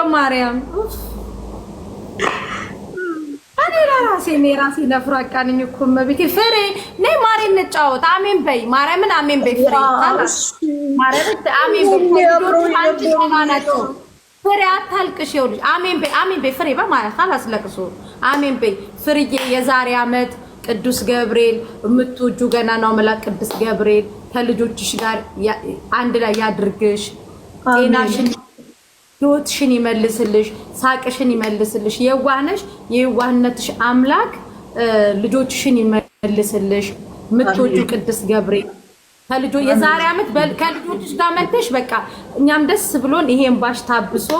በማርያም እኔ ለራሴ እኔ ራሴ ለፍራቃ እኮ እመቤቴ። ፍሬ ነይ ማሬ እንጫወት። አሜን በይ ማርያምን፣ አሜን በይ ፍሬ ናቸው። ፍሬ አታልቅሽ፣ ይኸውልሽ። አሜን በይ አሜን በይ ፍሬ በማለት አላስለቅሶ አሜን በይ ፍርዬ። የዛሬ አመት ቅዱስ ገብርኤል የምትወጁ ገና ነው መላ ቅዱስ ገብርኤል ከልጆችሽ ጋር አንድ ላይ ያድርግሽ ጤናሽን ህይወትሽን ይመልስልሽ፣ ሳቅሽን ይመልስልሽ። የዋነሽ የዋህነትሽ አምላክ ልጆችሽን ይመልስልሽ። ምትወጁ ቅድስት ገብርኤል የዛሬ ዓመት ከልጆችሽ ጋር መተሽ በቃ እኛም ደስ ብሎን ይሄን ባሽ ታብሶ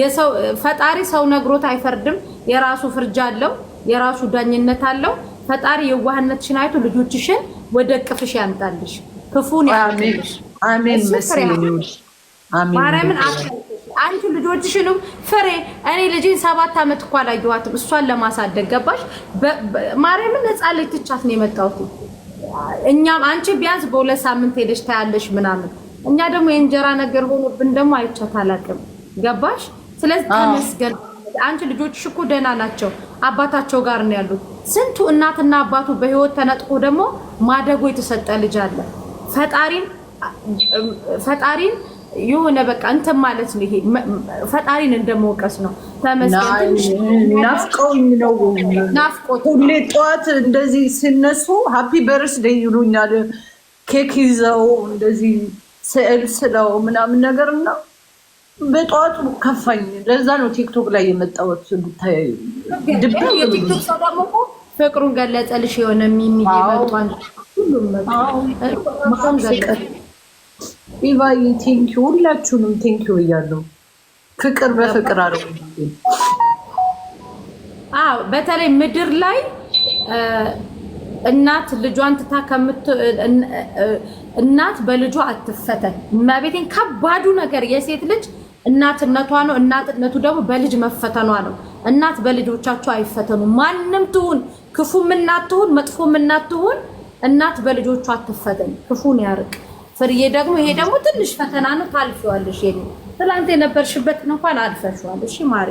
የሰው ፈጣሪ ሰው ነግሮት አይፈርድም። የራሱ ፍርጃ አለው፣ የራሱ ዳኝነት አለው። ፈጣሪ የዋህነትሽን አይቶ ልጆችሽን ወደ ቅፍሽ ያምጣልሽ፣ ክፉን ያምጣልሽ። አሜን። መስሎኝ አሜን። አንቺ ልጆችሽንም ፍሬ እኔ ልጅን ሰባት አመት እኮ አላየኋትም እሷን ለማሳደግ ገባሽ። ማርያምን ነፃ ላይ ትቻት ነው የመጣሁት። እኛም አንቺ ቢያንስ በሁለት ሳምንት ሄደሽ ታያለሽ ምናምን፣ እኛ ደግሞ የእንጀራ ነገር ሆኖብን ደግሞ አይቻት አላውቅም። ገባሽ? ስለዚህ ተመስገን። አንቺ ልጆችሽ እኮ ደህና ናቸው፣ አባታቸው ጋር ነው ያሉት። ስንቱ እናትና አባቱ በህይወት ተነጥቆ ደግሞ ማደጎ የተሰጠ ልጅ አለ። ፈጣሪን ፈጣሪን የሆነ በቃ እንትን ማለት ነው። ይሄ ፈጣሪን እንደመወቀስ ነው። ተመስገን ናፍቆኝ ነው። ናፍቆት ሁሌ ጠዋት እንደዚህ ሲነሱ ሀፒ በርስ ደይ ይሉኛል። ኬክ ይዘው እንደዚህ ስዕል ስለው ምናምን ነገር እና በጠዋቱ ከፋኝ። ለዛ ነው ቲክቶክ ላይ የመጣሁት። ብታይ የቲክቶክ ሰው ደግሞ ፍቅሩን ገለጸልሽ የሆነ የሚሚ ሁሉም ኢቫይ ቴንኪ ሁላችሁንም ቴንኪ እያለሁ ፍቅር በፍቅር አለ። አዎ በተለይ ምድር ላይ እናት ልጇን ትታ ከምት እናት በልጇ አትፈተን። እመቤቴን ከባዱ ነገር የሴት ልጅ እናትነቷ ነው። እናትነቱ ደግሞ በልጅ መፈተኗ ነው። እናት በልጆቻቸው አይፈተኑ። ማንም ትሁን ክፉም እናት ትሁን መጥፎም እናት ትሁን እናት በልጆቿ አትፈተን። ክፉን ያርቅ። ፍርዬ ደግሞ ይሄ ደግሞ ትንሽ ፈተና ነው፣ ታልፊዋለሽ። የኔ ትናንት ነው እንኳን አልፈሽዋለሽ ማሪ።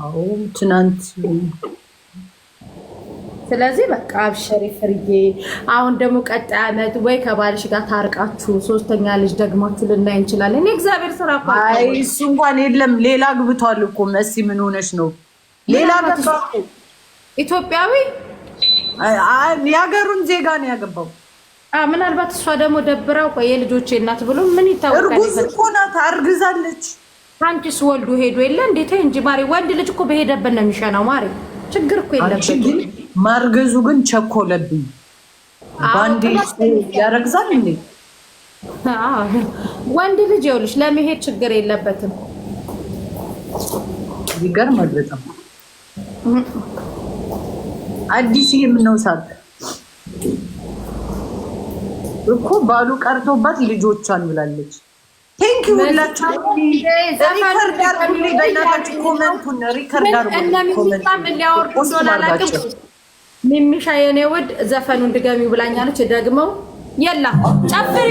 አዎ ትናንት። ስለዚህ በቃ አብሸሪ ፍርዬ። አሁን ደግሞ ቀጣይ ዓመት ወይ ከባልሽ ጋር ታርቃችሁ ሶስተኛ ልጅ ደግማችሁ ልናይ እንችላለን። እግዚአብሔር ስራ። አይ እሱ እንኳን የለም፣ ሌላ ግብቷል እኮ መሲ። ምን ሆነሽ ነው? ሌላ ገባ ኢትዮጵያዊ፣ የሀገሩን ዜጋ ነው ያገባው። ምናልባት እሷ ደግሞ ደብራው ቆይ የልጆቼ እናት ብሎ ምን ይታወቃል? እርጉዝ እኮ ናት፣ አርግዛለች። አንቺስ ወልዱ ሄዶ የለ እንዴት እንጂ ማሪ፣ ወንድ ልጅ እኮ በሄደበት ነው የሚሸናው። ማሪ ችግር እኮ የለበትም። ማርገዙ ግን ቸኮለብኝ። ባንዴ ያረግዛል እንዴ? ወንድ ልጅ ይኸውልሽ ለመሄድ ችግር የለበትም። ይገርማል በጣም አዲስ ይሄ ምነው እኮ ባሉ ቀርቶባት ልጆች አሉላለች። ቴንክ ዩ ሚሚሻ የኔ ውድ ዘፈኑን ድገሚው ብላኛለች። ደግመው የላ ጨፍሪ